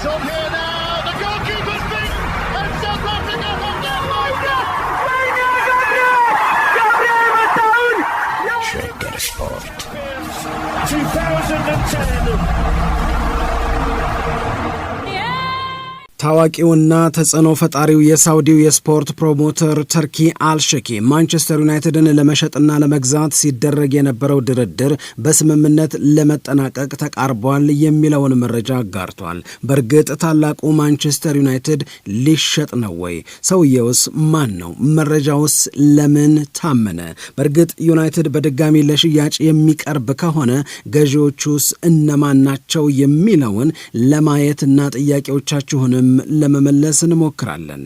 It's on here. ታዋቂውና ተጽዕኖ ፈጣሪው የሳውዲው የስፖርት ፕሮሞተር ተርኪ አልሸኪ ማንቸስተር ዩናይትድን ለመሸጥና ለመግዛት ሲደረግ የነበረው ድርድር በስምምነት ለመጠናቀቅ ተቃርቧል የሚለውን መረጃ አጋርቷል። በእርግጥ ታላቁ ማንቸስተር ዩናይትድ ሊሸጥ ነው ወይ? ሰውየውስ ማን ነው? መረጃውስ ለምን ታመነ? በእርግጥ ዩናይትድ በድጋሚ ለሽያጭ የሚቀርብ ከሆነ ገዢዎቹስ እነማን ናቸው? የሚለውን ለማየትና ጥያቄዎቻችሁንም ለመመለስ እንሞክራለን።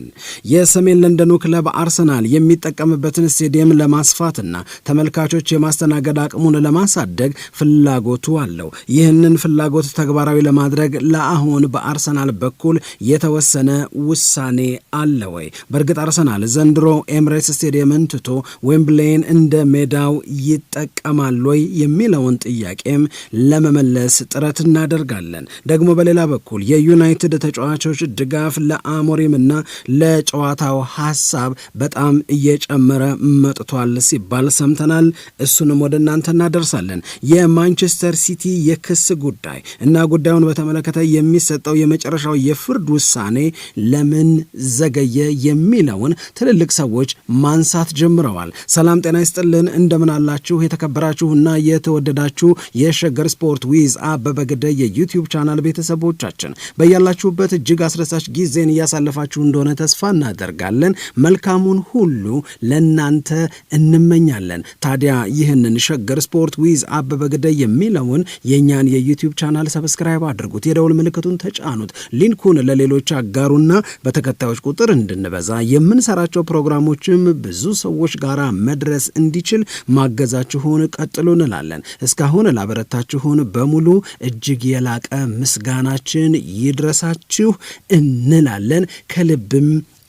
የሰሜን ለንደኑ ክለብ አርሰናል የሚጠቀምበትን ስቴዲየም ለማስፋትና ተመልካቾች የማስተናገድ አቅሙን ለማሳደግ ፍላጎቱ አለው። ይህንን ፍላጎት ተግባራዊ ለማድረግ ለአሁን በአርሰናል በኩል የተወሰነ ውሳኔ አለ ወይ? በእርግጥ አርሰናል ዘንድሮ ኤምሬትስ ስቴዲየምን ትቶ ዌምብሌይን እንደ ሜዳው ይጠቀማል ወይ የሚለውን ጥያቄም ለመመለስ ጥረት እናደርጋለን። ደግሞ በሌላ በኩል የዩናይትድ ተጫዋቾች ድጋፍ ለአሞሪምና ለጨዋታው ሀሳብ በጣም እየጨመረ መጥቷል ሲባል ሰምተናል። እሱንም ወደ እናንተ እናደርሳለን። የማንቸስተር ሲቲ የክስ ጉዳይ እና ጉዳዩን በተመለከተ የሚሰጠው የመጨረሻው የፍርድ ውሳኔ ለምን ዘገየ የሚለውን ትልልቅ ሰዎች ማንሳት ጀምረዋል። ሰላም ጤና ይስጥልን፣ እንደምን አላችሁ? የተከበራችሁና የተወደዳችሁ የሸገር ስፖርት ዊዝ አበበ ግደይ የዩቲዩብ ቻናል ቤተሰቦቻችን በያላችሁበት እጅግ አስረ አስደሳች ጊዜን እያሳለፋችሁ እንደሆነ ተስፋ እናደርጋለን። መልካሙን ሁሉ ለእናንተ እንመኛለን። ታዲያ ይህንን ሸገር ስፖርት ዊዝ አበበ ግደይ የሚለውን የእኛን የዩቲዩብ ቻናል ሰብስክራይብ አድርጉት፣ የደውል ምልክቱን ተጫኑት፣ ሊንኩን ለሌሎች አጋሩና በተከታዮች ቁጥር እንድንበዛ የምንሰራቸው ፕሮግራሞችም ብዙ ሰዎች ጋር መድረስ እንዲችል ማገዛችሁን ቀጥሉ እንላለን። እስካሁን ላበረታችሁን በሙሉ እጅግ የላቀ ምስጋናችን ይድረሳችሁ እንላለን ከልብም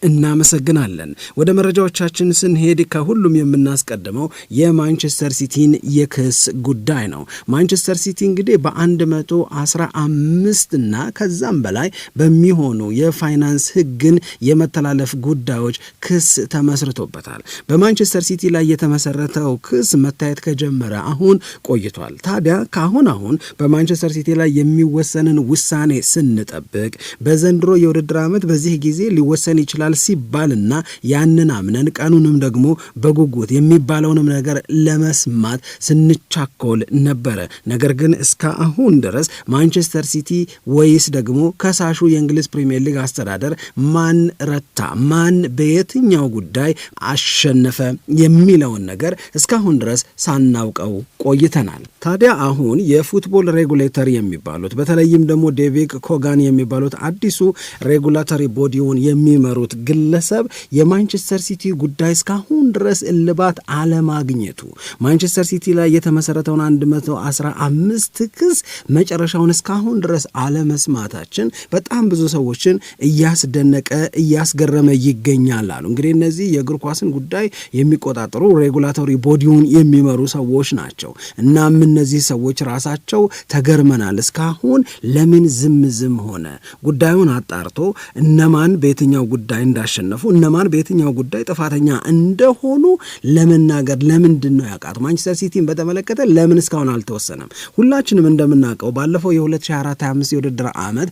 እናመሰግናለን። ወደ መረጃዎቻችን ስንሄድ ከሁሉም የምናስቀድመው የማንቸስተር ሲቲን የክስ ጉዳይ ነው። ማንቸስተር ሲቲ እንግዲህ በ115 እና ከዛም በላይ በሚሆኑ የፋይናንስ ሕግን የመተላለፍ ጉዳዮች ክስ ተመስርቶበታል። በማንቸስተር ሲቲ ላይ የተመሰረተው ክስ መታየት ከጀመረ አሁን ቆይቷል። ታዲያ ከአሁን አሁን በማንቸስተር ሲቲ ላይ የሚወሰንን ውሳኔ ስንጠብቅ በዘንድሮ የውድድር ዓመት በዚህ ጊዜ ሊወሰን ይችላል ይመጣል ሲባልና ያንን አምነን ቀኑንም ደግሞ በጉጉት የሚባለውንም ነገር ለመስማት ስንቻኮል ነበረ። ነገር ግን እስከ አሁን ድረስ ማንቸስተር ሲቲ ወይስ ደግሞ ከሳሹ የእንግሊዝ ፕሪምየር ሊግ አስተዳደር ማን ረታ፣ ማን በየትኛው ጉዳይ አሸነፈ የሚለውን ነገር እስካሁን ድረስ ሳናውቀው ቆይተናል። ታዲያ አሁን የፉትቦል ሬጉሌተር የሚባሉት በተለይም ደግሞ ዴቪድ ኮጋን የሚባሉት አዲሱ ሬጉላተሪ ቦዲውን የሚመሩት ግለሰብ የማንቸስተር ሲቲ ጉዳይ እስካሁን ድረስ እልባት አለማግኘቱ ማንቸስተር ሲቲ ላይ የተመሰረተውን 115 ክስ መጨረሻውን እስካሁን ድረስ አለመስማታችን በጣም ብዙ ሰዎችን እያስደነቀ እያስገረመ ይገኛል አሉ። እንግዲህ እነዚህ የእግር ኳስን ጉዳይ የሚቆጣጠሩ ሬጉላቶሪ ቦዲውን የሚመሩ ሰዎች ናቸው። እናም እነዚህ ሰዎች ራሳቸው ተገርመናል፣ እስካሁን ለምን ዝም ዝም ሆነ፣ ጉዳዩን አጣርቶ እነማን በየትኛው ጉዳይ እንዳሸነፉ እነማን በየትኛው ጉዳይ ጥፋተኛ እንደሆኑ ለመናገር ለምንድን ነው ያቃት? ማንቸስተር ሲቲን በተመለከተ ለምን እስካሁን አልተወሰነም? ሁላችንም እንደምናውቀው ባለፈው የ2024/25 የውድድር ዓመት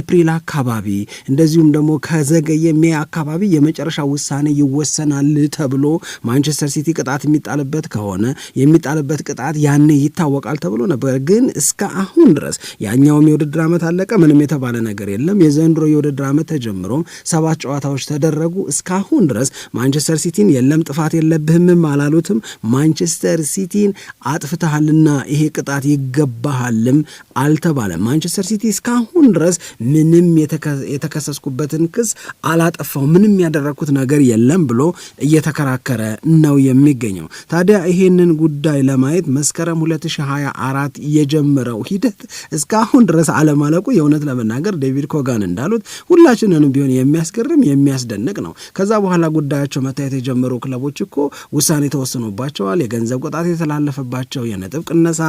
ኤፕሪል አካባቢ እንደዚሁም ደግሞ ከዘገየ ሜ አካባቢ የመጨረሻ ውሳኔ ይወሰናል ተብሎ ማንቸስተር ሲቲ ቅጣት የሚጣልበት ከሆነ የሚጣልበት ቅጣት ያኔ ይታወቃል ተብሎ ነበር። ግን እስከ አሁን ድረስ ያኛውም የውድድር ዓመት አለቀ፣ ምንም የተባለ ነገር የለም። የዘንድሮ የውድድር ዓመት ተጀምሮም ሰባት ጨዋታዎች ተደረጉ። እስካሁን ድረስ ማንቸስተር ሲቲን የለም ጥፋት የለብህምም አላሉትም። ማንቸስተር ሲቲን አጥፍተሃልና ይሄ ቅጣት ይገባሃልም አልተባለም። ማንቸስተር ሲቲ እስካሁን ድረስ ምንም የተከሰስኩበትን ክስ አላጠፋው፣ ምንም ያደረግኩት ነገር የለም ብሎ እየተከራከረ ነው የሚገኘው። ታዲያ ይሄንን ጉዳይ ለማየት መስከረም 2024 የጀመረው ሂደት እስካሁን ድረስ አለማለቁ የእውነት ለመናገር ዴቪድ ኮጋን እንዳሉት ሁላችንንም ቢሆን የሚያስ የሚያስገርም የሚያስደንቅ ነው። ከዛ በኋላ ጉዳያቸው መታየት የጀመሩ ክለቦች እኮ ውሳኔ ተወስኖባቸዋል። የገንዘብ ቅጣት የተላለፈባቸው፣ የነጥብ ቅነሳ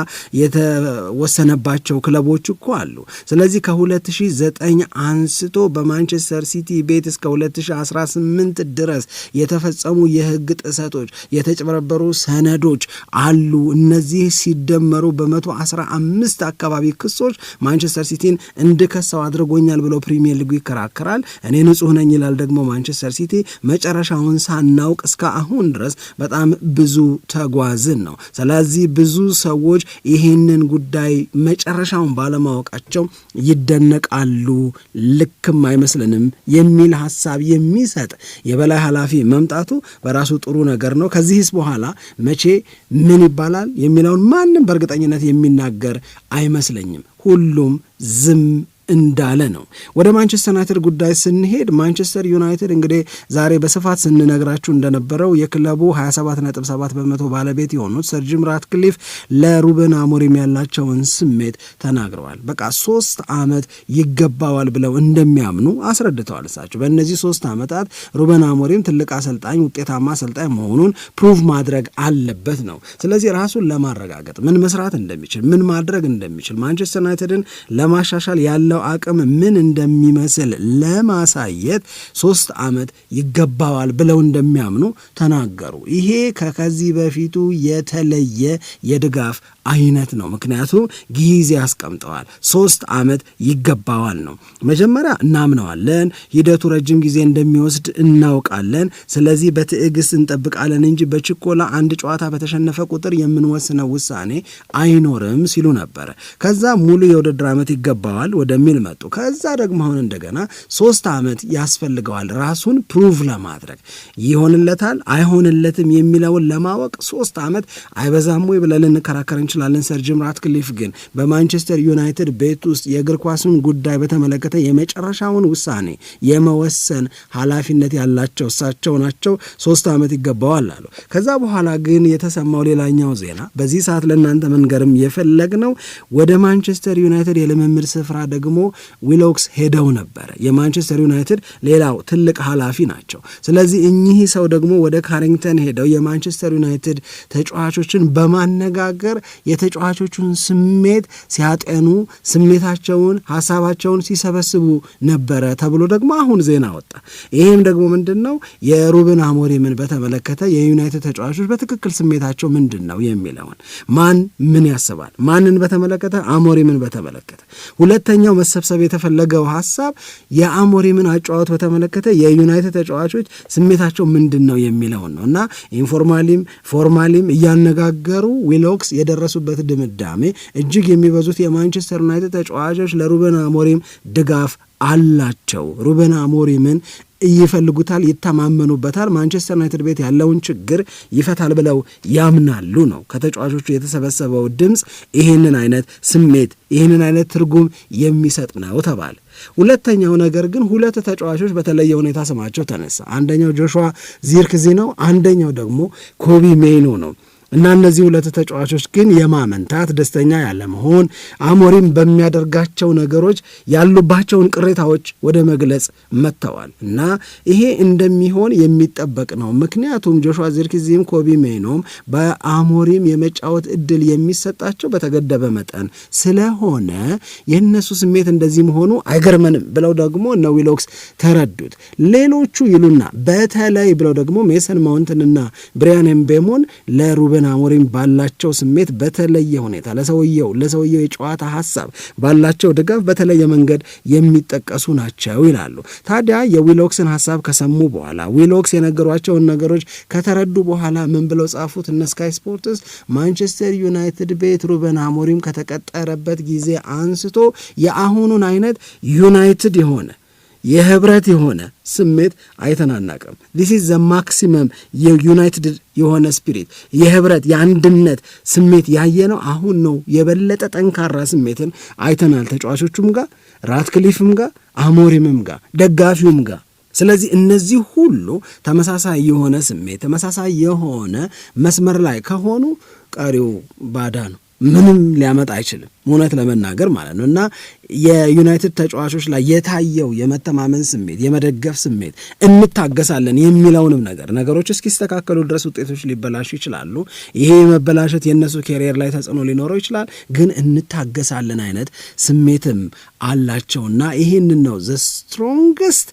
የተወሰነባቸው ክለቦች እኮ አሉ። ስለዚህ ከ2009 አንስቶ በማንቸስተር ሲቲ ቤት እስከ 2018 ድረስ የተፈጸሙ የህግ ጥሰቶች፣ የተጭበረበሩ ሰነዶች አሉ። እነዚህ ሲደመሩ በ115 አካባቢ ክሶች ማንቸስተር ሲቲን እንድከሰው አድርጎኛል ብሎ ፕሪሚየር ሊጉ ይከራከራል። እኔ ንጹህ ነኝ ይላል ደግሞ ማንቸስተር ሲቲ። መጨረሻውን ሳናውቅ እስከ አሁን ድረስ በጣም ብዙ ተጓዝን ነው። ስለዚህ ብዙ ሰዎች ይህንን ጉዳይ መጨረሻውን ባለማወቃቸው ይደነቃሉ፣ ልክም አይመስልንም የሚል ሀሳብ የሚሰጥ የበላይ ኃላፊ መምጣቱ በራሱ ጥሩ ነገር ነው። ከዚህስ በኋላ መቼ ምን ይባላል የሚለውን ማንም በእርግጠኝነት የሚናገር አይመስለኝም። ሁሉም ዝም እንዳለ ነው። ወደ ማንቸስተር ዩናይትድ ጉዳይ ስንሄድ ማንቸስተር ዩናይትድ እንግዲህ ዛሬ በስፋት ስንነግራችሁ እንደነበረው የክለቡ 27.7 በመቶ ባለቤት የሆኑት ሰር ጂም ራትክሊፍ ለሩበን አሞሪም ያላቸውን ስሜት ተናግረዋል። በቃ ሶስት ዓመት ይገባዋል ብለው እንደሚያምኑ አስረድተዋል። እሳቸው በእነዚህ ሶስት ዓመታት ሩበን አሞሪም ትልቅ አሰልጣኝ፣ ውጤታማ አሰልጣኝ መሆኑን ፕሩቭ ማድረግ አለበት ነው። ስለዚህ ራሱን ለማረጋገጥ ምን መስራት እንደሚችል ምን ማድረግ እንደሚችል ማንቸስተር ዩናይትድን ለማሻሻል ያለው ያለው አቅም ምን እንደሚመስል ለማሳየት ሶስት ዓመት ይገባዋል ብለው እንደሚያምኑ ተናገሩ። ይሄ ከከዚህ በፊቱ የተለየ የድጋፍ አይነት ነው። ምክንያቱም ጊዜ አስቀምጠዋል። ሶስት ዓመት ይገባዋል ነው። መጀመሪያ እናምነዋለን፣ ሂደቱ ረጅም ጊዜ እንደሚወስድ እናውቃለን። ስለዚህ በትዕግስት እንጠብቃለን እንጂ በችኮላ አንድ ጨዋታ በተሸነፈ ቁጥር የምንወስነው ውሳኔ አይኖርም ሲሉ ነበረ። ከዛ ሙሉ የውድድር ዓመት ይገባዋል ወደሚ የሚል መጡ። ከዛ ደግሞ አሁን እንደገና ሶስት ዓመት ያስፈልገዋል ራሱን ፕሩቭ ለማድረግ ይሆንለታል አይሆንለትም የሚለውን ለማወቅ ሶስት ዓመት አይበዛም ወይ ብለን ልንከራከር እንችላለን። ሰር ጂም ራትክሊፍ ግን በማንቸስተር ዩናይትድ ቤት ውስጥ የእግር ኳሱን ጉዳይ በተመለከተ የመጨረሻውን ውሳኔ የመወሰን ኃላፊነት ያላቸው እሳቸው ናቸው። ሶስት ዓመት ይገባዋል አሉ። ከዛ በኋላ ግን የተሰማው ሌላኛው ዜና በዚህ ሰዓት ለእናንተ መንገርም የፈለግ ነው ወደ ማንቸስተር ዩናይትድ የልምምድ ስፍራ ደግሞ ደግሞ ዊሎክስ ሄደው ነበረ። የማንቸስተር ዩናይትድ ሌላው ትልቅ ኃላፊ ናቸው። ስለዚህ እኚህ ሰው ደግሞ ወደ ካሪንግተን ሄደው የማንቸስተር ዩናይትድ ተጫዋቾችን በማነጋገር የተጫዋቾቹን ስሜት ሲያጠኑ፣ ስሜታቸውን፣ ሀሳባቸውን ሲሰበስቡ ነበረ ተብሎ ደግሞ አሁን ዜና ወጣ። ይህም ደግሞ ምንድን ነው የሩብን አሞሪምን በተመለከተ የዩናይትድ ተጫዋቾች በትክክል ስሜታቸው ምንድን ነው የሚለውን ማን ምን ያስባል፣ ማንን በተመለከተ አሞሪምን በተመለከተ ሁለተኛው መሰብሰብ የተፈለገው ሀሳብ የአሞሪምን አጫዋት በተመለከተ የዩናይትድ ተጫዋቾች ስሜታቸው ምንድን ነው የሚለውን ነው እና ኢንፎርማሊም ፎርማሊም እያነጋገሩ ዊሎክስ የደረሱበት ድምዳሜ እጅግ የሚበዙት የማንቸስተር ዩናይትድ ተጫዋቾች ለሩበን አሞሪም ድጋፍ አላቸው። ሩበን አሞሪምን ይፈልጉታል፣ ይተማመኑበታል። ማንቸስተር ዩናይትድ ቤት ያለውን ችግር ይፈታል ብለው ያምናሉ ነው ከተጫዋቾቹ የተሰበሰበው ድምፅ። ይህንን አይነት ስሜት ይህንን አይነት ትርጉም የሚሰጥ ነው ተባለ። ሁለተኛው ነገር ግን ሁለት ተጫዋቾች በተለየ ሁኔታ ስማቸው ተነሳ። አንደኛው ጆሹዋ ዚርክዚ ነው፣ አንደኛው ደግሞ ኮቢ ሜይኖ ነው። እና እነዚህ ሁለት ተጫዋቾች ግን የማመንታት ደስተኛ ያለመሆን አሞሪም በሚያደርጋቸው ነገሮች ያሉባቸውን ቅሬታዎች ወደ መግለጽ መጥተዋል እና ይሄ እንደሚሆን የሚጠበቅ ነው። ምክንያቱም ጆሹዋ ዚርክዚም ኮቢ ሜኖም በአሞሪም የመጫወት እድል የሚሰጣቸው በተገደበ መጠን ስለሆነ የእነሱ ስሜት እንደዚህ መሆኑ አይገርመንም ብለው ደግሞ እነ ዊሎክስ ተረዱት። ሌሎቹ ይሉና በተለይ ብለው ደግሞ ሜሰን ማውንትንና ብሪያን ኤምቤሞን ለሩበ ሩበን አሞሪም ባላቸው ስሜት በተለየ ሁኔታ ለሰውየው ለሰውየው የጨዋታ ሀሳብ ባላቸው ድጋፍ በተለየ መንገድ የሚጠቀሱ ናቸው ይላሉ። ታዲያ የዊሎክስን ሀሳብ ከሰሙ በኋላ ዊሎክስ የነገሯቸውን ነገሮች ከተረዱ በኋላ ምን ብለው ጻፉት? እነ ስካይ ስፖርትስ ማንቸስተር ዩናይትድ ቤት ሩበን አሞሪም ከተቀጠረበት ጊዜ አንስቶ የአሁኑን አይነት ዩናይትድ የሆነ የህብረት የሆነ ስሜት አይተናናቅም። ዲስ ኢዝ ዘ ማክሲመም የዩናይትድ የሆነ ስፒሪት የህብረት የአንድነት ስሜት ያየ ነው። አሁን ነው የበለጠ ጠንካራ ስሜትን አይተናል። ተጫዋቾቹም ጋር ራትክሊፍም ጋር አሞሪምም ጋር ደጋፊውም ጋር ስለዚህ እነዚህ ሁሉ ተመሳሳይ የሆነ ስሜት ተመሳሳይ የሆነ መስመር ላይ ከሆኑ ቀሪው ባዳ ነው። ምንም ሊያመጣ አይችልም፣ እውነት ለመናገር ማለት ነው። እና የዩናይትድ ተጫዋቾች ላይ የታየው የመተማመን ስሜት፣ የመደገፍ ስሜት እንታገሳለን የሚለውንም ነገር ነገሮች እስኪስተካከሉ ድረስ ውጤቶች ሊበላሹ ይችላሉ። ይሄ የመበላሸት የእነሱ ኬሪየር ላይ ተጽዕኖ ሊኖረው ይችላል። ግን እንታገሳለን አይነት ስሜትም አላቸውና ይህንን ነው ዘ ስትሮንግስት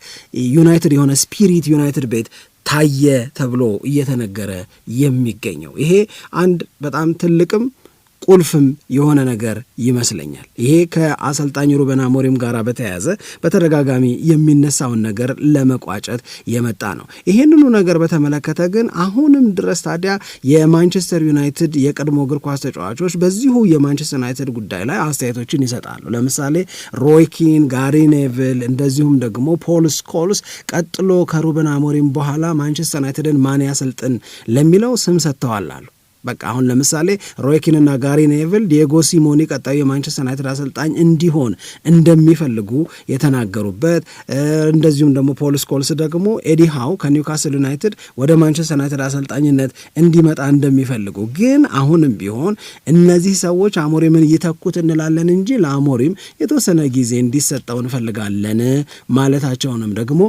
ዩናይትድ የሆነ ስፒሪት ዩናይትድ ቤት ታየ ተብሎ እየተነገረ የሚገኘው ይሄ አንድ በጣም ትልቅም ቁልፍም የሆነ ነገር ይመስለኛል። ይሄ ከአሰልጣኝ ሩበን አሞሪም ጋር በተያያዘ በተደጋጋሚ የሚነሳውን ነገር ለመቋጨት የመጣ ነው። ይሄንኑ ነገር በተመለከተ ግን አሁንም ድረስ ታዲያ የማንቸስተር ዩናይትድ የቀድሞ እግር ኳስ ተጫዋቾች በዚሁ የማንቸስተር ዩናይትድ ጉዳይ ላይ አስተያየቶችን ይሰጣሉ። ለምሳሌ ሮይኪን፣ ጋሪ እንደዚሁም ደግሞ ፖል ስኮልስ ቀጥሎ ከሩበን አሞሪም በኋላ ማንቸስተር ዩናይትድን ማን ያሰልጥን ለሚለው ስም ሰጥተዋል አሉ። በቃ አሁን ለምሳሌ ሮይኪንና ጋሪ ኔቭል ዲየጎ ሲሞኒ ቀጣዩ የማንቸስተር ዩናይትድ አሰልጣኝ እንዲሆን እንደሚፈልጉ የተናገሩበት እንደዚሁም ደግሞ ፖል ስኮልስ ደግሞ ኤዲ ሃው ከኒውካስል ዩናይትድ ወደ ማንቸስተር ዩናይትድ አሰልጣኝነት እንዲመጣ እንደሚፈልጉ ግን አሁንም ቢሆን እነዚህ ሰዎች አሞሪምን ይተኩት እንላለን እንጂ ለአሞሪም የተወሰነ ጊዜ እንዲሰጠው እንፈልጋለን ማለታቸውንም ደግሞ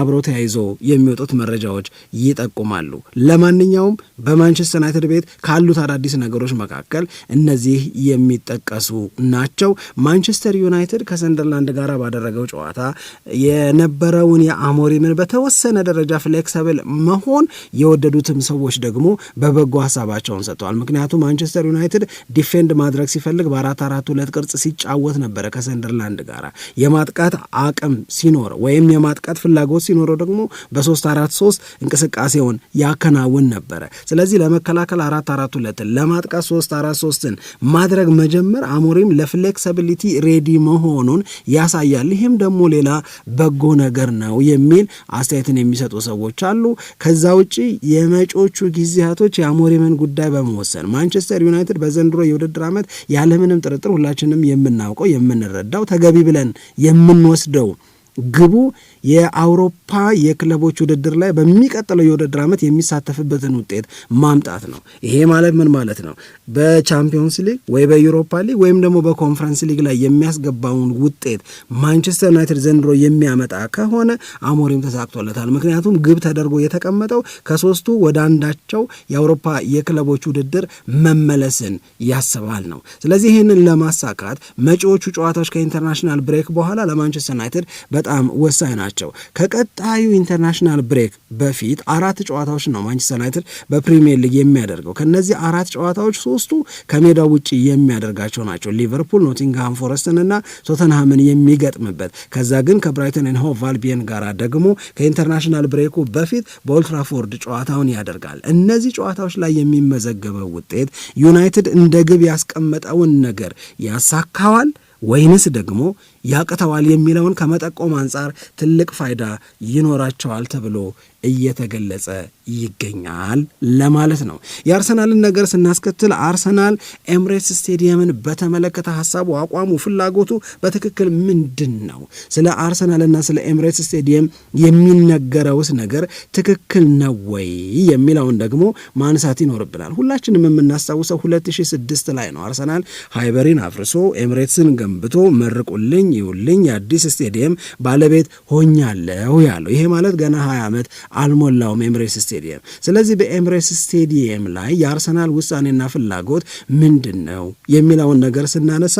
አብሮ ተያይዞ የሚወጡት መረጃዎች ይጠቁማሉ። ለማንኛውም በማንቸስተር ዩናይትድ ቤት ካሉት አዳዲስ ነገሮች መካከል እነዚህ የሚጠቀሱ ናቸው። ማንቸስተር ዩናይትድ ከሰንደርላንድ ጋር ባደረገው ጨዋታ የነበረውን የአሞሪምን በተወሰነ ደረጃ ፍሌክሰብል መሆን የወደዱትም ሰዎች ደግሞ በበጎ ሀሳባቸውን ሰጥተዋል። ምክንያቱም ማንቸስተር ዩናይትድ ዲፌንድ ማድረግ ሲፈልግ በአራት አራት ሁለት ቅርጽ ሲጫወት ነበረ ከሰንደርላንድ ጋር የማጥቃት አቅም ሲኖረው ወይም የማጥቃት ፍላጎት ሲኖረው ደግሞ በሶስት አራት ሶስት እንቅስቃሴውን ያከናውን ነበረ። ስለዚህ ለመከላከል አራት አራት ሁለትን ለማጥቃት ሶስት አራት ሶስትን ማድረግ መጀመር አሞሪም ለፍሌክሲቢሊቲ ሬዲ መሆኑን ያሳያል። ይህም ደግሞ ሌላ በጎ ነገር ነው የሚል አስተያየትን የሚሰጡ ሰዎች አሉ። ከዛ ውጭ የመጪዎቹ ጊዜያቶች የአሞሪምን ጉዳይ በመወሰን ማንቸስተር ዩናይትድ በዘንድሮ የውድድር ዓመት ያለምንም ጥርጥር ሁላችንም የምናውቀው የምንረዳው ተገቢ ብለን የምንወስደው ግቡ የአውሮፓ የክለቦች ውድድር ላይ በሚቀጥለው የውድድር ዓመት የሚሳተፍበትን ውጤት ማምጣት ነው። ይሄ ማለት ምን ማለት ነው? በቻምፒዮንስ ሊግ ወይ በዩሮፓ ሊግ ወይም ደግሞ በኮንፈረንስ ሊግ ላይ የሚያስገባውን ውጤት ማንቸስተር ዩናይትድ ዘንድሮ የሚያመጣ ከሆነ አሞሪም ተሳክቶለታል። ምክንያቱም ግብ ተደርጎ የተቀመጠው ከሶስቱ ወደ አንዳቸው የአውሮፓ የክለቦች ውድድር መመለስን ያስባል ነው። ስለዚህ ይህንን ለማሳካት መጪዎቹ ጨዋታዎች ከኢንተርናሽናል ብሬክ በኋላ ለማንቸስተር ዩናይትድ በጣም ወሳኝ ናቸው። ናቸው። ከቀጣዩ ኢንተርናሽናል ብሬክ በፊት አራት ጨዋታዎችን ነው ማንቸስተር ዩናይትድ በፕሪሚየር ሊግ የሚያደርገው። ከነዚህ አራት ጨዋታዎች ሶስቱ ከሜዳው ውጭ የሚያደርጋቸው ናቸው። ሊቨርፑል፣ ኖቲንግሃም ፎረስትን እና ቶተንሃምን የሚገጥምበት ከዛ ግን ከብራይተን ኤንድ ሆቭ አልቢየን ጋር ደግሞ ከኢንተርናሽናል ብሬኩ በፊት በኦልትራፎርድ ጨዋታውን ያደርጋል። እነዚህ ጨዋታዎች ላይ የሚመዘገበው ውጤት ዩናይትድ እንደ ግብ ያስቀመጠውን ነገር ያሳካዋል ወይንስ ደግሞ ያቅተዋል የሚለውን ከመጠቆም አንጻር ትልቅ ፋይዳ ይኖራቸዋል ተብሎ እየተገለጸ ይገኛል ለማለት ነው። የአርሰናልን ነገር ስናስከትል አርሰናል ኤምሬትስ ስቴዲየምን በተመለከተ ሀሳቡ፣ አቋሙ፣ ፍላጎቱ በትክክል ምንድን ነው? ስለ አርሰናልና ስለ ኤምሬትስ ስቴዲየም የሚነገረውስ ነገር ትክክል ነው ወይ የሚለውን ደግሞ ማንሳት ይኖርብናል። ሁላችንም የምናስታውሰው 2006 ላይ ነው አርሰናል ሃይበሪን አፍርሶ ኤምሬትስን ገንብቶ መርቁልኝ ይውልኝ አዲስ ስቴዲየም ባለቤት ሆኛለሁ ያለው ይሄ ማለት ገና 20 ዓመት አልሞላውም ኤምሬስ ስቴዲየም። ስለዚህ በኤምሬስ ስቴዲየም ላይ የአርሰናል ውሳኔና ፍላጎት ምንድን ነው የሚለውን ነገር ስናነሳ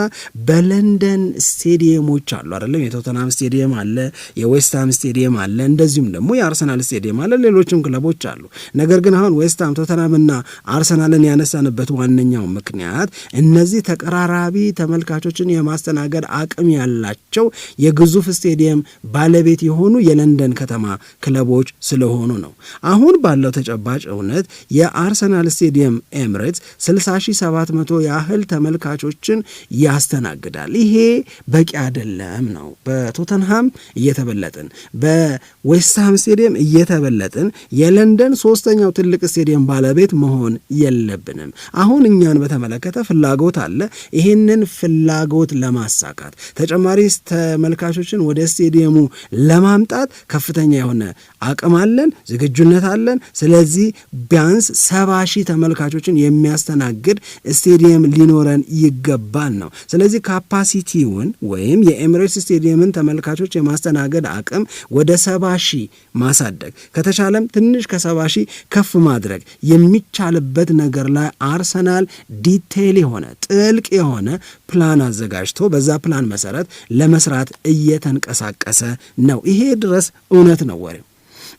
በለንደን ስቴዲየሞች አሉ አይደለም። የቶተናም ስቴዲየም አለ፣ የዌስትሃም ስቴዲየም አለ፣ እንደዚሁም ደግሞ የአርሰናል ስቴዲየም አለ፣ ሌሎችም ክለቦች አሉ። ነገር ግን አሁን ዌስትሃም ቶተናምና አርሰናልን ያነሳንበት ዋነኛው ምክንያት እነዚህ ተቀራራቢ ተመልካቾችን የማስተናገድ አቅም ያለ ናቸው የግዙፍ ስቴዲየም ባለቤት የሆኑ የለንደን ከተማ ክለቦች ስለሆኑ ነው። አሁን ባለው ተጨባጭ እውነት የአርሰናል ስቴዲየም ኤምሬትስ 60700 ያህል ተመልካቾችን ያስተናግዳል። ይሄ በቂ አይደለም ነው። በቶተንሃም እየተበለጥን፣ በዌስትሃም ስቴዲየም እየተበለጥን የለንደን ሶስተኛው ትልቅ ስቴዲየም ባለቤት መሆን የለብንም። አሁን እኛን በተመለከተ ፍላጎት አለ። ይህንን ፍላጎት ለማሳካት ተጨማሪ የፓሪስ ተመልካቾችን ወደ ስቴዲየሙ ለማምጣት ከፍተኛ የሆነ አቅም አለን፣ ዝግጁነት አለን። ስለዚህ ቢያንስ ሰባ ሺህ ተመልካቾችን የሚያስተናግድ ስቴዲየም ሊኖረን ይገባል ነው። ስለዚህ ካፓሲቲውን ወይም የኤሚሬትስ ስቴዲየምን ተመልካቾች የማስተናገድ አቅም ወደ ሰባ ሺህ ማሳደግ ከተቻለም ትንሽ ከሰባ ሺህ ከፍ ማድረግ የሚቻልበት ነገር ላይ አርሰናል ዲቴል የሆነ ጥልቅ የሆነ ፕላን አዘጋጅቶ በዛ ፕላን መሰረት ለመስራት እየተንቀሳቀሰ ነው። ይሄ ድረስ እውነት ነው ወሬው።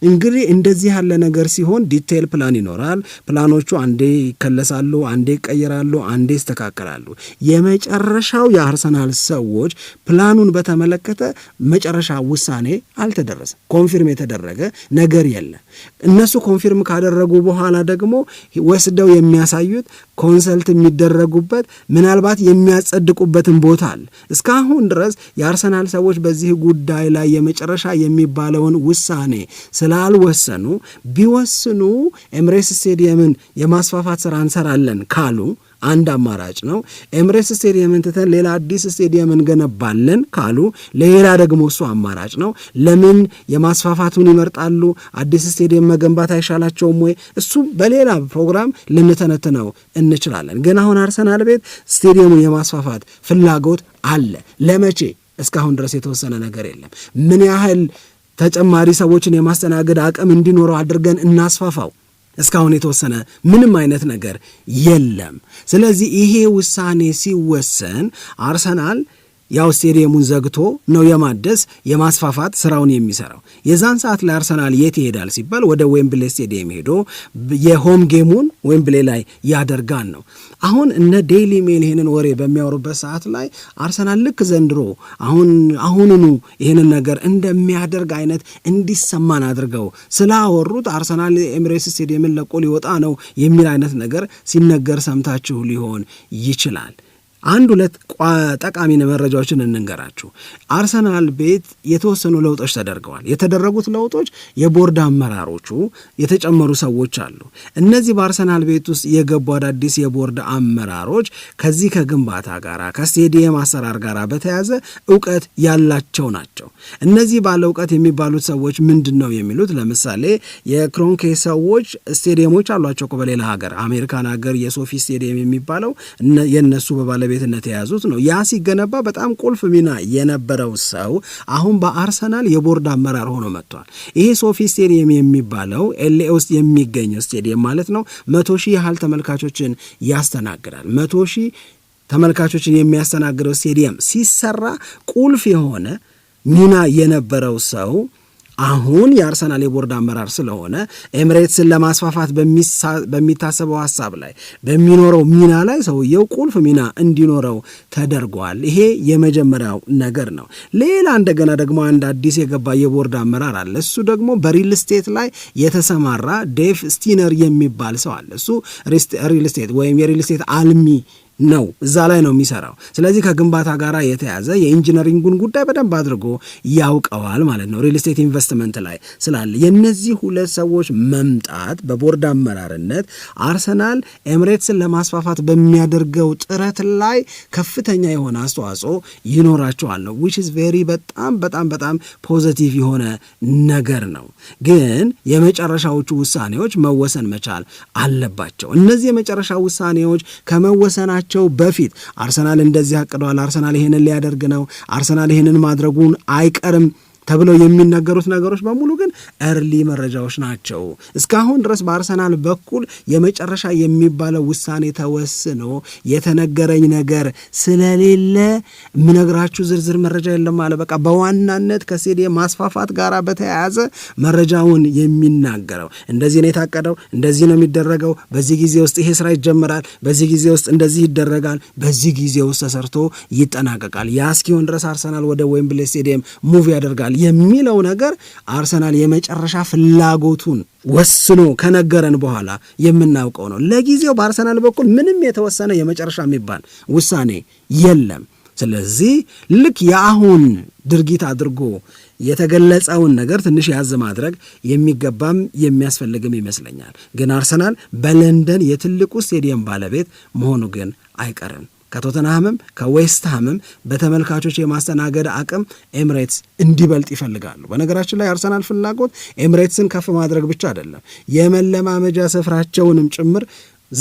እንግዲህ እንደዚህ ያለ ነገር ሲሆን ዲቴይል ፕላን ይኖራል። ፕላኖቹ አንዴ ይከለሳሉ፣ አንዴ ይቀየራሉ፣ አንዴ ይስተካከላሉ። የመጨረሻው የአርሰናል ሰዎች ፕላኑን በተመለከተ መጨረሻ ውሳኔ አልተደረሰም። ኮንፊርም የተደረገ ነገር የለም። እነሱ ኮንፊርም ካደረጉ በኋላ ደግሞ ወስደው የሚያሳዩት ኮንሰልት የሚደረጉበት ምናልባት የሚያጸድቁበትን ቦታ አለ። እስካሁን ድረስ የአርሰናል ሰዎች በዚህ ጉዳይ ላይ የመጨረሻ የሚባለውን ውሳኔ ስላልወሰኑ ቢወስኑ ኤምሬስ ስቴዲየምን የማስፋፋት ስራ እንሰራለን ካሉ አንድ አማራጭ ነው። ኤምሬስ ስቴዲየምን ትተን ሌላ አዲስ ስቴዲየም እንገነባለን ካሉ ሌላ ደግሞ እሱ አማራጭ ነው። ለምን የማስፋፋቱን ይመርጣሉ? አዲስ ስቴዲየም መገንባት አይሻላቸውም ወይ? እሱ በሌላ ፕሮግራም ልንተነትነው እንችላለን። ግን አሁን አርሰናል ቤት ስቴዲየሙን የማስፋፋት ፍላጎት አለ። ለመቼ? እስካሁን ድረስ የተወሰነ ነገር የለም። ምን ያህል ተጨማሪ ሰዎችን የማስተናገድ አቅም እንዲኖረው አድርገን እናስፋፋው እስካሁን የተወሰነ ምንም አይነት ነገር የለም። ስለዚህ ይሄ ውሳኔ ሲወሰን አርሰናል ያው ስቴዲየሙን ዘግቶ ነው የማደስ የማስፋፋት ስራውን የሚሰራው። የዛን ሰዓት ላይ አርሰናል የት ይሄዳል ሲባል ወደ ዌምብሌ ስቴዲየም ሄዶ የሆም ጌሙን ዌምብሌ ላይ ያደርጋል ነው። አሁን እነ ዴይሊ ሜል ይህንን ወሬ በሚያወሩበት ሰዓት ላይ አርሰናል ልክ ዘንድሮ አሁን አሁንኑ ይህንን ነገር እንደሚያደርግ አይነት እንዲሰማን አድርገው ስላወሩት አርሰናል ኤምሬስ ስቴዲየምን ለቆ ሊወጣ ነው የሚል አይነት ነገር ሲነገር ሰምታችሁ ሊሆን ይችላል። አንድ ሁለት ጠቃሚ መረጃዎችን እንንገራችሁ። አርሰናል ቤት የተወሰኑ ለውጦች ተደርገዋል። የተደረጉት ለውጦች የቦርድ አመራሮቹ የተጨመሩ ሰዎች አሉ። እነዚህ በአርሰናል ቤት ውስጥ የገቡ አዳዲስ የቦርድ አመራሮች ከዚህ ከግንባታ ጋር ከስቴዲየም አሰራር ጋር በተያዘ እውቀት ያላቸው ናቸው። እነዚህ ባለ እውቀት የሚባሉት ሰዎች ምንድን ነው የሚሉት? ለምሳሌ የክሮንኬ ሰዎች ስቴዲየሞች አሏቸው በሌላ ሀገር፣ አሜሪካን ሀገር የሶፊ ስቴዲየም የሚባለው የእነሱ በባለ ባለቤትነት የያዙት ነው። ያ ሲገነባ በጣም ቁልፍ ሚና የነበረው ሰው አሁን በአርሰናል የቦርድ አመራር ሆኖ መጥቷል። ይሄ ሶፊ ስቴዲየም የሚባለው ኤሌ ውስጥ የሚገኘው ስቴዲየም ማለት ነው። መቶ ሺህ ያህል ተመልካቾችን ያስተናግዳል። መቶ ሺህ ተመልካቾችን የሚያስተናግደው ስቴዲየም ሲሰራ ቁልፍ የሆነ ሚና የነበረው ሰው አሁን የአርሰናል የቦርድ አመራር ስለሆነ ኤምሬትስን ለማስፋፋት በሚታሰበው ሀሳብ ላይ በሚኖረው ሚና ላይ ሰውየው ቁልፍ ሚና እንዲኖረው ተደርጓል። ይሄ የመጀመሪያው ነገር ነው። ሌላ እንደገና ደግሞ አንድ አዲስ የገባ የቦርድ አመራር አለ። እሱ ደግሞ በሪል ስቴት ላይ የተሰማራ ዴቭ ስቲነር የሚባል ሰው አለ። እሱ ሪል ስቴት ወይም የሪል ስቴት አልሚ ነው እዛ ላይ ነው የሚሰራው። ስለዚህ ከግንባታ ጋር የተያዘ የኢንጂነሪንጉን ጉዳይ በደንብ አድርጎ ያውቀዋል ማለት ነው ሪል ስቴት ኢንቨስትመንት ላይ ስላለ። የእነዚህ ሁለት ሰዎች መምጣት በቦርድ አመራርነት አርሰናል ኤምሬትስን ለማስፋፋት በሚያደርገው ጥረት ላይ ከፍተኛ የሆነ አስተዋጽኦ ይኖራቸዋል ነው ዊች ኢዝ ቬሪ በጣም በጣም በጣም ፖዘቲቭ የሆነ ነገር ነው። ግን የመጨረሻዎቹ ውሳኔዎች መወሰን መቻል አለባቸው። እነዚህ የመጨረሻ ውሳኔዎች ከመወሰናቸው ከመሆናቸው በፊት አርሰናል እንደዚህ አቅደዋል፣ አርሰናል ይሄንን ሊያደርግ ነው፣ አርሰናል ይሄንን ማድረጉን አይቀርም ተብለው የሚነገሩት ነገሮች በሙሉ ግን ኤርሊ መረጃዎች ናቸው። እስካሁን ድረስ በአርሰናል በኩል የመጨረሻ የሚባለው ውሳኔ ተወስኖ የተነገረኝ ነገር ስለሌለ የምነግራችሁ ዝርዝር መረጃ የለም አለ። በቃ በዋናነት ከሴዴ ማስፋፋት ጋር በተያያዘ መረጃውን የሚናገረው እንደዚህ ነው የታቀደው፣ እንደዚህ ነው የሚደረገው፣ በዚህ ጊዜ ውስጥ ይሄ ስራ ይጀምራል፣ በዚህ ጊዜ ውስጥ እንደዚህ ይደረጋል፣ በዚህ ጊዜ ውስጥ ተሰርቶ ይጠናቀቃል። ያ እስኪሆን ድረስ አርሰናል ወደ ዌምብሌ ስቴዲየም ሙቭ ያደርጋል የሚለው ነገር አርሰናል የመጨረሻ ፍላጎቱን ወስኖ ከነገረን በኋላ የምናውቀው ነው። ለጊዜው በአርሰናል በኩል ምንም የተወሰነ የመጨረሻ የሚባል ውሳኔ የለም። ስለዚህ ልክ የአሁን ድርጊት አድርጎ የተገለጸውን ነገር ትንሽ ያዝ ማድረግ የሚገባም የሚያስፈልግም ይመስለኛል። ግን አርሰናል በለንደን የትልቁ ስቴዲየም ባለቤት መሆኑ ግን አይቀርም። ከቶተንሃምም ከዌስትሃምም በተመልካቾች የማስተናገድ አቅም ኤምሬትስ እንዲበልጥ ይፈልጋሉ። በነገራችን ላይ አርሰናል ፍላጎት ኤምሬትስን ከፍ ማድረግ ብቻ አይደለም፣ የመለማመጃ ስፍራቸውንም ጭምር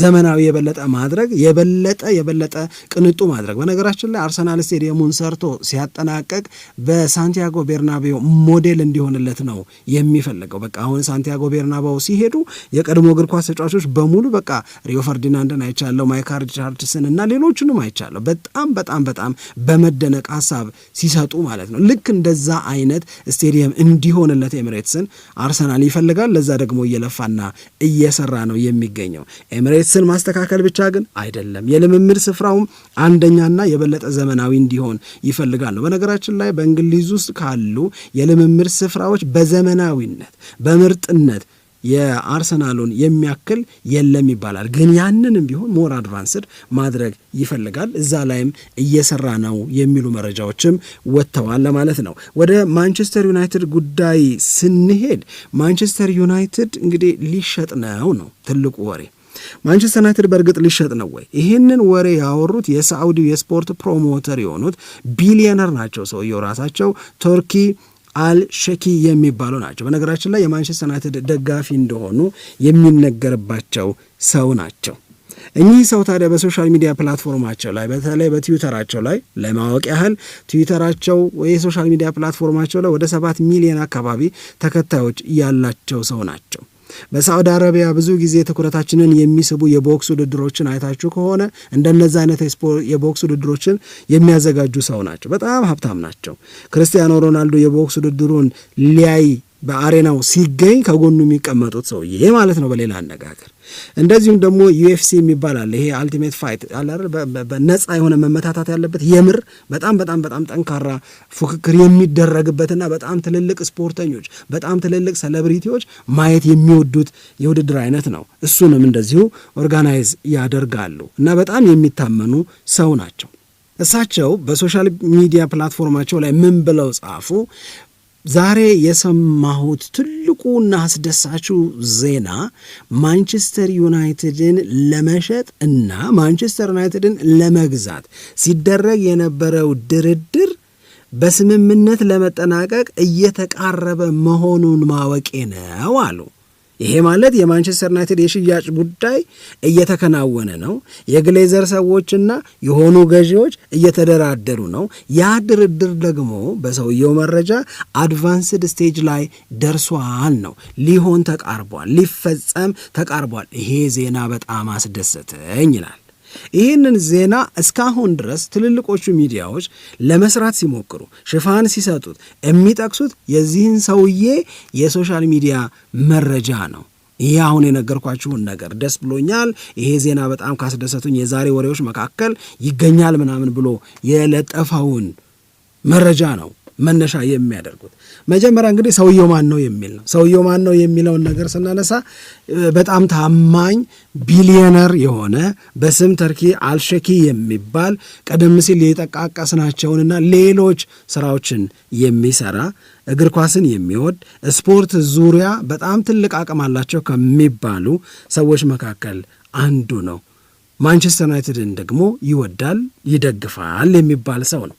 ዘመናዊ የበለጠ ማድረግ የበለጠ የበለጠ ቅንጡ ማድረግ። በነገራችን ላይ አርሰናል ስቴዲየሙን ሰርቶ ሲያጠናቀቅ በሳንቲያጎ ቤርናቤው ሞዴል እንዲሆንለት ነው የሚፈልገው። በቃ አሁን ሳንቲያጎ ቤርናቤው ሲሄዱ የቀድሞ እግር ኳስ ተጫዋቾች በሙሉ በቃ ሪዮ ፈርዲናንድን አይቻለሁ፣ ማይካል ሪቻርድስን እና ሌሎችንም አይቻለሁ። በጣም በጣም በጣም በመደነቅ ሀሳብ ሲሰጡ ማለት ነው። ልክ እንደዛ አይነት ስቴዲየም እንዲሆንለት ኤምሬትስን አርሰናል ይፈልጋል። ለዛ ደግሞ እየለፋና እየሰራ ነው የሚገኘው። ሬትስን ማስተካከል ብቻ ግን አይደለም። የልምምድ ስፍራውም አንደኛና የበለጠ ዘመናዊ እንዲሆን ይፈልጋሉ። በነገራችን ላይ በእንግሊዝ ውስጥ ካሉ የልምምድ ስፍራዎች በዘመናዊነት በምርጥነት የአርሰናሉን የሚያክል የለም ይባላል። ግን ያንንም ቢሆን ሞር አድቫንስድ ማድረግ ይፈልጋል። እዛ ላይም እየሰራ ነው የሚሉ መረጃዎችም ወጥተዋል ለማለት ነው። ወደ ማንቸስተር ዩናይትድ ጉዳይ ስንሄድ ማንቸስተር ዩናይትድ እንግዲህ ሊሸጥ ነው ነው ትልቁ ወሬ ማንቸስተር ዩናይትድ በእርግጥ ሊሸጥ ነው ወይ? ይህንን ወሬ ያወሩት የሳዑዲው የስፖርት ፕሮሞተር የሆኑት ቢሊዮነር ናቸው። ሰውየው ራሳቸው ቶርኪ አልሸኪ የሚባሉ ናቸው። በነገራችን ላይ የማንቸስተር ዩናይትድ ደጋፊ እንደሆኑ የሚነገርባቸው ሰው ናቸው። እኚህ ሰው ታዲያ በሶሻል ሚዲያ ፕላትፎርማቸው ላይ በተለይ በትዊተራቸው ላይ ለማወቅ ያህል ትዊተራቸው የሶሻል ሚዲያ ፕላትፎርማቸው ላይ ወደ ሰባት ሚሊዮን አካባቢ ተከታዮች ያላቸው ሰው ናቸው። በሳዑዲ አረቢያ ብዙ ጊዜ ትኩረታችንን የሚስቡ የቦክስ ውድድሮችን አይታችሁ ከሆነ እንደነዚህ አይነት የቦክስ ውድድሮችን የሚያዘጋጁ ሰው ናቸው። በጣም ሀብታም ናቸው። ክርስቲያኖ ሮናልዶ የቦክስ ውድድሩን ሊያይ በአሬናው ሲገኝ ከጎኑ የሚቀመጡት ሰውዬ ይሄ ማለት ነው። በሌላ አነጋገር እንደዚሁም ደግሞ ዩኤፍሲ የሚባል አለ። ይሄ አልቲሜት ፋይት አለ በነጻ የሆነ መመታታት ያለበት የምር በጣም በጣም በጣም ጠንካራ ፉክክር የሚደረግበትና በጣም ትልልቅ ስፖርተኞች፣ በጣም ትልልቅ ሰለብሪቲዎች ማየት የሚወዱት የውድድር አይነት ነው። እሱንም እንደዚሁ ኦርጋናይዝ ያደርጋሉ እና በጣም የሚታመኑ ሰው ናቸው። እሳቸው በሶሻል ሚዲያ ፕላትፎርማቸው ላይ ምን ብለው ጻፉ? ዛሬ የሰማሁት ትልቁና አስደሳቹ ዜና ማንቸስተር ዩናይትድን ለመሸጥ እና ማንቸስተር ዩናይትድን ለመግዛት ሲደረግ የነበረው ድርድር በስምምነት ለመጠናቀቅ እየተቃረበ መሆኑን ማወቄ ነው አሉ። ይሄ ማለት የማንቸስተር ዩናይትድ የሽያጭ ጉዳይ እየተከናወነ ነው። የግሌዘር ሰዎችና የሆኑ ገዢዎች እየተደራደሩ ነው። ያ ድርድር ደግሞ በሰውየው መረጃ አድቫንስድ ስቴጅ ላይ ደርሷል ነው፣ ሊሆን ተቃርቧል፣ ሊፈጸም ተቃርቧል። ይሄ ዜና በጣም አስደሰተኝ ይላል። ይህንን ዜና እስካሁን ድረስ ትልልቆቹ ሚዲያዎች ለመስራት ሲሞክሩ ሽፋን ሲሰጡት የሚጠቅሱት የዚህን ሰውዬ የሶሻል ሚዲያ መረጃ ነው። ይህ አሁን የነገርኳችሁን ነገር ደስ ብሎኛል፣ ይሄ ዜና በጣም ካስደሰቱኝ የዛሬ ወሬዎች መካከል ይገኛል ምናምን ብሎ የለጠፈውን መረጃ ነው መነሻ የሚያደርጉት። መጀመሪያ እንግዲህ ሰውየው ማን ነው የሚል ነው። ሰውየው ማን ነው የሚለውን ነገር ስናነሳ በጣም ታማኝ ቢሊዮነር የሆነ በስም ተርኪ አልሸኪ የሚባል ቀደም ሲል የጠቃቀስናቸውንና ሌሎች ስራዎችን የሚሰራ እግር ኳስን የሚወድ ስፖርት ዙሪያ በጣም ትልቅ አቅም አላቸው ከሚባሉ ሰዎች መካከል አንዱ ነው። ማንቸስተር ዩናይትድን ደግሞ ይወዳል፣ ይደግፋል የሚባል ሰው ነው።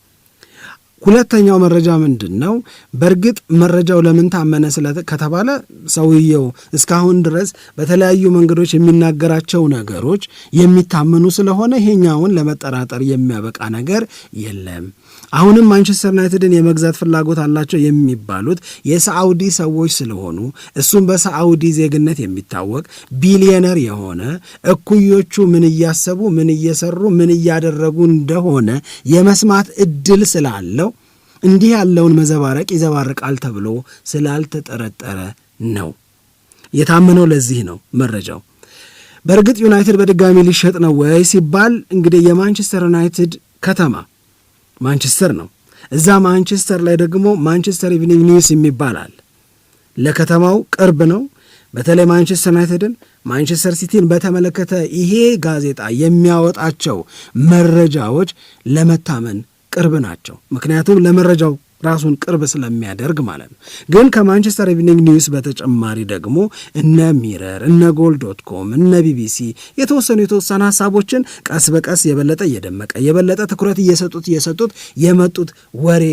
ሁለተኛው መረጃ ምንድን ነው? በእርግጥ መረጃው ለምን ታመነ ከተባለ ሰውየው እስካሁን ድረስ በተለያዩ መንገዶች የሚናገራቸው ነገሮች የሚታመኑ ስለሆነ ይሄኛውን ለመጠራጠር የሚያበቃ ነገር የለም። አሁንም ማንቸስተር ዩናይትድን የመግዛት ፍላጎት አላቸው የሚባሉት የሳዑዲ ሰዎች ስለሆኑ እሱም በሳዑዲ ዜግነት የሚታወቅ ቢሊየነር የሆነ እኩዮቹ ምን እያሰቡ ምን እየሰሩ ምን እያደረጉ እንደሆነ የመስማት እድል ስላለው እንዲህ ያለውን መዘባረቅ ይዘባርቃል ተብሎ ስላልተጠረጠረ ነው የታመነው። ለዚህ ነው መረጃው። በእርግጥ ዩናይትድ በድጋሚ ሊሸጥ ነው ወይ ሲባል እንግዲህ የማንቸስተር ዩናይትድ ከተማ ማንቸስተር ነው። እዛ ማንቸስተር ላይ ደግሞ ማንቸስተር ኢቭኒንግ ኒውስ የሚባላል ለከተማው ቅርብ ነው። በተለይ ማንቸስተር ዩናይትድን፣ ማንቸስተር ሲቲን በተመለከተ ይሄ ጋዜጣ የሚያወጣቸው መረጃዎች ለመታመን ቅርብ ናቸው። ምክንያቱም ለመረጃው ራሱን ቅርብ ስለሚያደርግ ማለት ነው። ግን ከማንቸስተር ኢቪኒንግ ኒውስ በተጨማሪ ደግሞ እነ ሚረር፣ እነ ጎል ዶት ኮም፣ እነ ቢቢሲ የተወሰኑ የተወሰኑ ሀሳቦችን ቀስ በቀስ የበለጠ እየደመቀ የበለጠ ትኩረት እየሰጡት እየሰጡት የመጡት ወሬ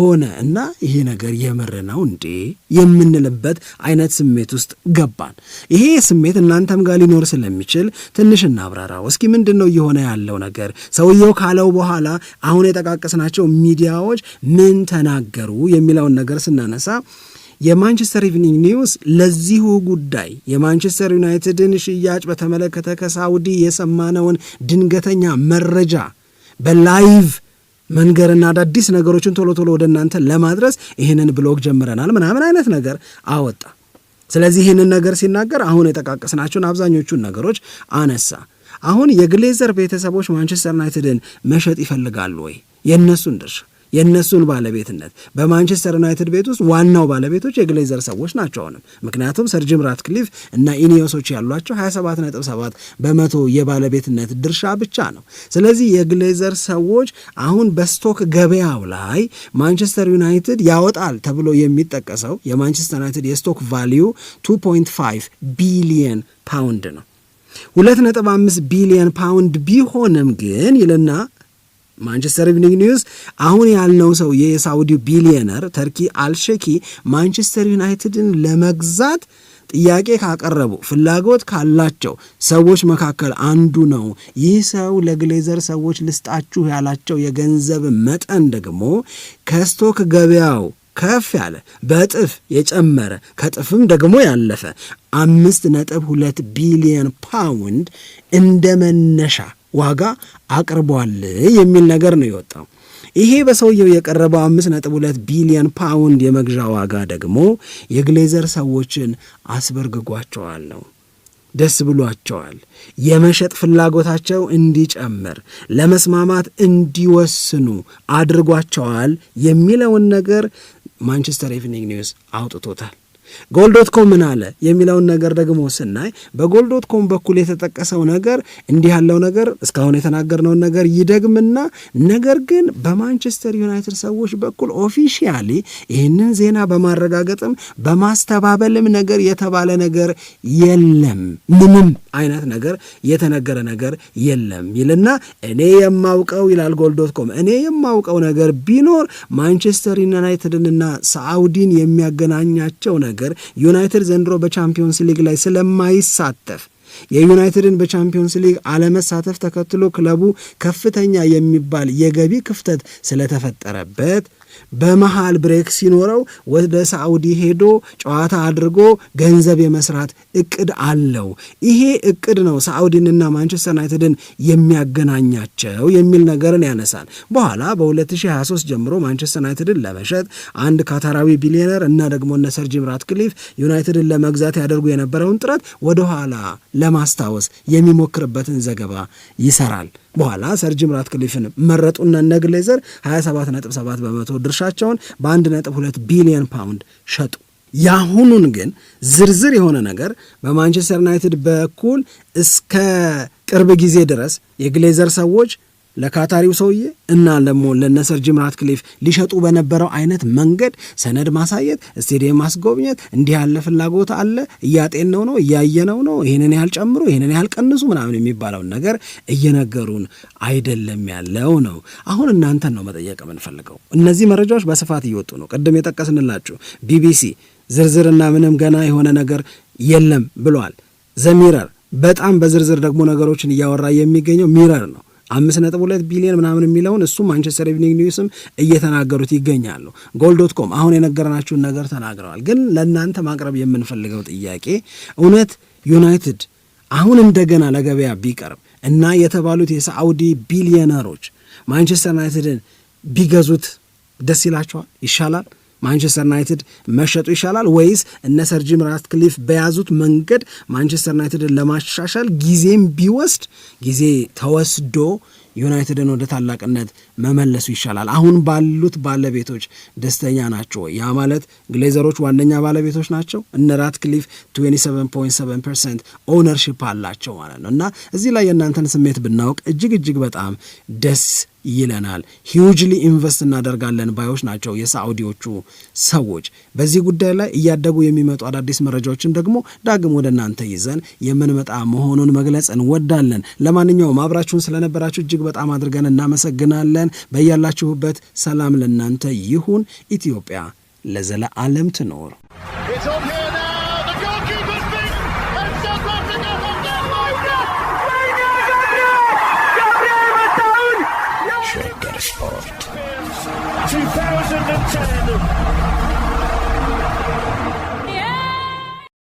ሆነ እና ይሄ ነገር የምር ነው እንዴ የምንልበት አይነት ስሜት ውስጥ ገባን። ይሄ ስሜት እናንተም ጋር ሊኖር ስለሚችል ትንሽ እናብራራው እስኪ። ምንድን ነው እየሆነ ያለው ነገር? ሰውየው ካለው በኋላ አሁን የጠቃቀስናቸው ሚዲያዎች ምን ተና ተናገሩ የሚለውን ነገር ስናነሳ የማንቸስተር ኢቭኒንግ ኒውስ ለዚሁ ጉዳይ የማንቸስተር ዩናይትድን ሽያጭ በተመለከተ ከሳውዲ የሰማነውን ድንገተኛ መረጃ በላይቭ መንገርና አዳዲስ ነገሮችን ቶሎ ቶሎ ወደ እናንተ ለማድረስ ይህንን ብሎግ ጀምረናል ምናምን አይነት ነገር አወጣ። ስለዚህ ይህንን ነገር ሲናገር አሁን የጠቃቀስናቸውን አብዛኞቹን ነገሮች አነሳ። አሁን የግሌዘር ቤተሰቦች ማንቸስተር ዩናይትድን መሸጥ ይፈልጋሉ ወይ? የእነሱን ድርሻ የእነሱን ባለቤትነት በማንቸስተር ዩናይትድ ቤት ውስጥ ዋናው ባለቤቶች የግሌዘር ሰዎች ናቸው። አሁንም ምክንያቱም ሰር ጂም ራትክሊፍ እና ኢኒዮሶች ያሏቸው 27.7 በመቶ የባለቤትነት ድርሻ ብቻ ነው። ስለዚህ የግሌዘር ሰዎች አሁን በስቶክ ገበያው ላይ ማንቸስተር ዩናይትድ ያወጣል ተብሎ የሚጠቀሰው የማንቸስተር ዩናይትድ የስቶክ ቫሊዩ 2.5 ቢሊየን ፓውንድ ነው። 2.5 ቢሊየን ፓውንድ ቢሆንም ግን ይልና ማንቸስተር ኢቭኒንግ ኒውስ አሁን ያልነው ሰው የሳውዲ ቢሊየነር ተርኪ አልሸኪ ማንቸስተር ዩናይትድን ለመግዛት ጥያቄ ካቀረቡ ፍላጎት ካላቸው ሰዎች መካከል አንዱ ነው። ይህ ሰው ለግሌዘር ሰዎች ልስጣችሁ ያላቸው የገንዘብ መጠን ደግሞ ከስቶክ ገበያው ከፍ ያለ በእጥፍ የጨመረ ከጥፍም ደግሞ ያለፈ አምስት ነጥብ ሁለት ቢሊዮን ፓውንድ እንደ መነሻ ዋጋ አቅርቧል የሚል ነገር ነው የወጣው። ይሄ በሰውየው የቀረበው አምስት ነጥብ ሁለት ቢሊዮን ፓውንድ የመግዣ ዋጋ ደግሞ የግሌዘር ሰዎችን አስበርግጓቸዋል ነው ደስ ብሏቸዋል። የመሸጥ ፍላጎታቸው እንዲጨምር ለመስማማት እንዲወስኑ አድርጓቸዋል የሚለውን ነገር ማንቸስተር ኢቭኒንግ ኒውስ አውጥቶታል። ጎልዶት ኮም ምን አለ የሚለውን ነገር ደግሞ ስናይ በጎልዶት ኮም በኩል የተጠቀሰው ነገር እንዲህ ያለው ነገር እስካሁን የተናገርነውን ነገር ይደግምና ነገር ግን በማንቸስተር ዩናይትድ ሰዎች በኩል ኦፊሻሊ ይህንን ዜና በማረጋገጥም በማስተባበልም ነገር የተባለ ነገር የለም፣ ምንም አይነት ነገር የተነገረ ነገር የለም ይልና እኔ የማውቀው ይላል ጎልዶት ኮም እኔ የማውቀው ነገር ቢኖር ማንቸስተር ዩናይትድንና ሳዑዲን የሚያገናኛቸው ነገር ሲናገር ዩናይትድ ዘንድሮ በቻምፒዮንስ ሊግ ላይ ስለማይሳተፍ የዩናይትድን በቻምፒዮንስ ሊግ አለመሳተፍ ተከትሎ ክለቡ ከፍተኛ የሚባል የገቢ ክፍተት ስለተፈጠረበት በመሃል ብሬክ ሲኖረው ወደ ሳዑዲ ሄዶ ጨዋታ አድርጎ ገንዘብ የመስራት እቅድ አለው። ይሄ እቅድ ነው ሳዑዲንና ማንቸስተር ዩናይትድን የሚያገናኛቸው የሚል ነገርን ያነሳል። በኋላ በ2023 ጀምሮ ማንቸስተር ዩናይትድን ለመሸጥ አንድ ካታራዊ ቢሊዮነር እና ደግሞ እነ ሰር ጂም ራትክሊፍ ዩናይትድን ለመግዛት ያደርጉ የነበረውን ጥረት ወደኋላ ለማስታወስ የሚሞክርበትን ዘገባ ይሰራል። በኋላ ሰር ጂም ራትክሊፍን መረጡና እነ ግሌዘር 27.7 በመቶ ድርሻቸውን በ1.2 ቢሊዮን ፓውንድ ሸጡ። ያሁኑን ግን ዝርዝር የሆነ ነገር በማንቸስተር ዩናይትድ በኩል እስከ ቅርብ ጊዜ ድረስ የግሌዘር ሰዎች ለካታሪው ሰውዬ እና ለሞ ለነሰር ጂም ራትክሊፍ ሊሸጡ በነበረው አይነት መንገድ ሰነድ ማሳየት፣ ስቴዲየም ማስጎብኘት እንዲህ ያለ ፍላጎት አለ፣ እያጤነው ነው፣ እያየነው ነው፣ ይህንን ያህል ጨምሮ ይህንን ያህል ቀንሱ ምናምን የሚባለውን ነገር እየነገሩን አይደለም ያለው ነው። አሁን እናንተን ነው መጠየቅ የምንፈልገው። እነዚህ መረጃዎች በስፋት እየወጡ ነው። ቅድም የጠቀስንላችሁ ቢቢሲ ዝርዝርና ምንም ገና የሆነ ነገር የለም ብሏል። ዘሚረር በጣም በዝርዝር ደግሞ ነገሮችን እያወራ የሚገኘው ሚረር ነው። አምስት ነጥብ ሁለት ቢሊዮን ምናምን የሚለውን እሱ ማንቸስተር ኢቭኒንግ ኒውስም እየተናገሩት ይገኛሉ። ጎል ዶት ኮም አሁን የነገርናችሁን ነገር ተናግረዋል። ግን ለእናንተ ማቅረብ የምንፈልገው ጥያቄ እውነት ዩናይትድ አሁን እንደገና ለገበያ ቢቀርብ እና የተባሉት የሳዑዲ ቢሊዮነሮች ማንቸስተር ዩናይትድን ቢገዙት ደስ ይላቸዋል? ይሻላል? ማንቸስተር ዩናይትድ መሸጡ ይሻላል ወይስ እነ ሰር ጂም ራትክሊፍ በያዙት መንገድ ማንቸስተር ዩናይትድን ለማሻሻል ጊዜም ቢወስድ ጊዜ ተወስዶ ዩናይትድን ወደ ታላቅነት መመለሱ ይሻላል። አሁን ባሉት ባለቤቶች ደስተኛ ናቸው። ያ ማለት ግሌዘሮች ዋነኛ ባለቤቶች ናቸው። እነ ራትክሊፍ 27.7 ፐርሰንት አላቸው ማለት ነው እና እዚህ ላይ የእናንተን ስሜት ብናውቅ እጅግ እጅግ በጣም ደስ ይለናል። ሂውጅሊ ኢንቨስት እናደርጋለን ባዮች ናቸው የሳዑዲዎቹ ሰዎች። በዚህ ጉዳይ ላይ እያደጉ የሚመጡ አዳዲስ መረጃዎችን ደግሞ ዳግም ወደ እናንተ ይዘን የምንመጣ መሆኑን መግለጽ እንወዳለን። ለማንኛውም አብራችሁን ስለነበራችሁ እጅግ እጅግ በጣም አድርገን እናመሰግናለን። በያላችሁበት ሰላም ለእናንተ ይሁን። ኢትዮጵያ ለዘለዓለም ትኖር።